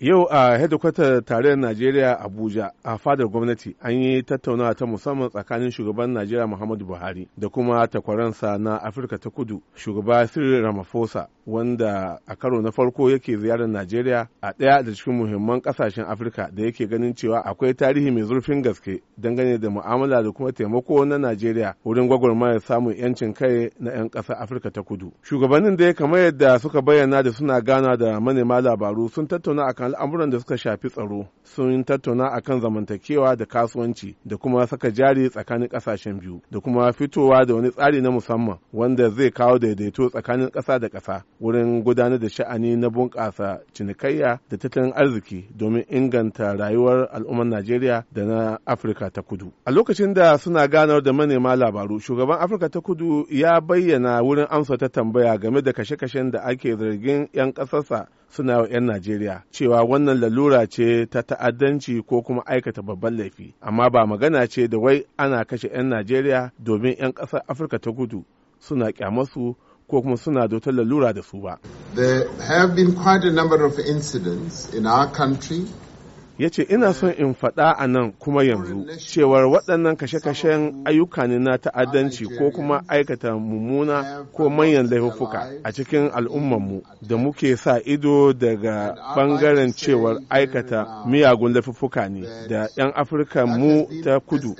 Yau a hedikwatar tarayyar Najeriya Abuja a fadar gwamnati an yi tattaunawa ta musamman tsakanin shugaban Najeriya Muhammadu Buhari da kuma takwaransa na Afirka ta Kudu shugaba Cyril Ramaphosa wanda a karo na farko yake ziyarar Najeriya a ɗaya da cikin muhimman ƙasashen Afirka da yake ganin cewa akwai tarihi mai zurfin gaske dangane da mu'amala da kuma taimako na Najeriya wurin gwagwarmayar samun 'yancin kai na 'yan ƙasar Afirka ta Kudu. Shugabannin da ya kamar yadda suka bayyana da suna gana da manema labaru sun tattauna akan al'amuran da suka shafi tsaro sun tattauna a kan zamantakewa da kasuwanci da kuma saka jari tsakanin kasashen biyu da kuma fitowa da wani tsari na musamman wanda zai kawo daidaito tsakanin ƙasa da kasa wurin gudanar da sha'ani na bunƙasa cinikayya da tattalin arziki domin inganta rayuwar al'ummar Najeriya da na Afirka ta Kudu. A lokacin da suna ganar da manema labaru, shugaban Afirka ta Kudu ya bayyana wurin amsa ta tambaya game da kashe-kashen da ake zargin 'yan ƙasarsa suna wa 'yan Najeriya cewa wannan lalura ce ta ta'addanci ko kuma aikata babban laifi amma ba magana ce da wai ana kashe 'yan Najeriya domin 'yan ƙasar Afirka ta gudu suna kyamasu ko kuma suna dotar lalura da su ba. There have been quite a number of incidents in our country ya ce ina son in faɗa a nan kuma yanzu cewar waɗannan kashe-kashen ayyuka ne na ta'addanci ko kuma aikata mummuna ko manyan laifuka a cikin al'ummanmu da muke sa ido daga ɓangaren cewar aikata miyagun laifuka ne da 'yan afirka mu ta kudu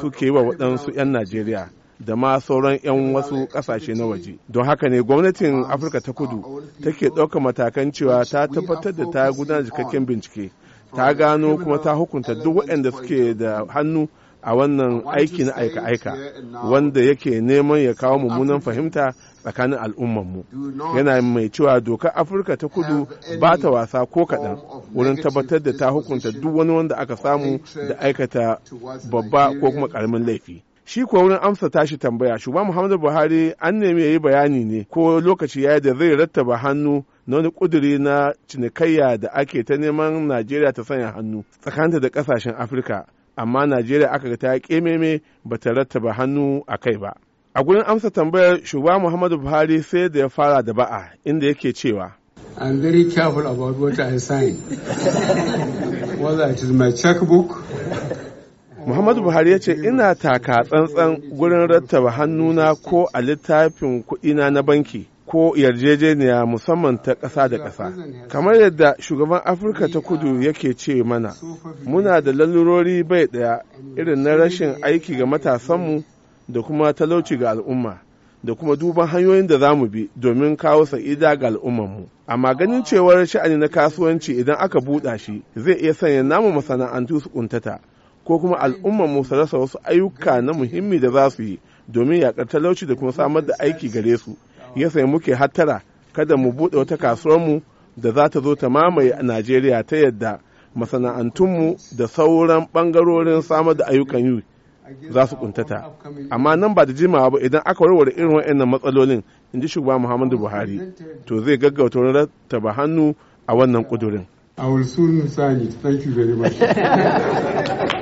suke yi wa waɗansu 'yan najeriya da ma sauran 'yan wasu kasashe na waje don haka ne gwamnatin afirka ta kudu take ɗaukar matakan cewa ta tabbatar da ta gudanar cikakken bincike ta gano kuma ta hukunta duk waɗanda suke da hannu a wannan aiki na aika-aika wanda yake neman ya kawo mummunan fahimta tsakanin al'ummanmu yana mai cewa dokar afirka ta kudu ba ta wasa ko kaɗan wurin tabbatar da ta hukunta duk wani wanda aka samu da aikata babba ko kuma ƙaramin laifi shi kuwa wurin amsa tashi tambaya shugaba muhammadu buhari an nemi ya yi bayani ne ko lokaci ya da zai rattaba hannu na wani kuduri na cinikayya da ake ta neman najeriya ta sanya hannu tsakanta da kasashen afirka amma najeriya aka ga ta kememe ba ta rattaba hannu a kai ba a gurin amsa tambayar shugaba muhammadu buhari sai da ya fara da ba'a inda yake cewa I'm very careful about what I sign. Whether it is my checkbook Muhammadu Buhari ya ce ina taka tsantsan gurin rattaba hannuna ko a littafin kuɗina na banki ko yarjejeniya musamman ta ƙasa da ƙasa. Kamar yadda shugaban Afirka ta kudu yake ce mana, muna da lalurori bai ɗaya irin na rashin aiki ga matasanmu da kuma talauci ga al'umma. da kuma duban hanyoyin da za mu bi domin kawo sa'ida ga al'ummar mu. Amma ganin cewar sha'ani na kasuwanci idan aka buɗa shi zai iya sanya namu masana'antu su kuntata. ko kuma al'ummar mu su rasa wasu ayyuka na muhimmi da za su yi domin yaƙar talauci da kuma samar da aiki gare su ya sai muke hattara kada mu buɗe wata kasuwar mu da za ta zo ta mamaye a najeriya ta yadda masana'antunmu da sauran ɓangarorin samar da ayyukan yi za su kuntata amma nan ba da jimawa ba idan aka warware irin wa'annan matsalolin in ji shugaba muhammadu buhari to zai gaggauta wani rattaba hannu a wannan kudurin I will soon sign it. Thank you very much.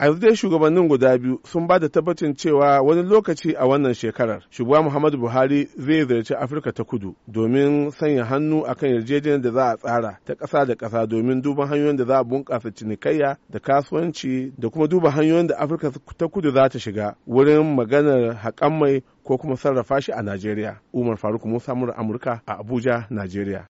a yanzu dai shugabannin guda biyu sun ba da tabbacin cewa wani lokaci a wannan shekarar shugaba muhammadu buhari zai ziyarci afirka ta kudu domin sanya hannu a kan yarjejeniyar da za a tsara ta ƙasa da ƙasa domin duba hanyoyin da za a bunƙasa cinikayya da kasuwanci da kuma duba hanyoyin da afirka ta kudu za ta shiga wurin maganar haƙan mai ko kuma sarrafa shi a najeriya umar faruk musa mura amurka a abuja najeriya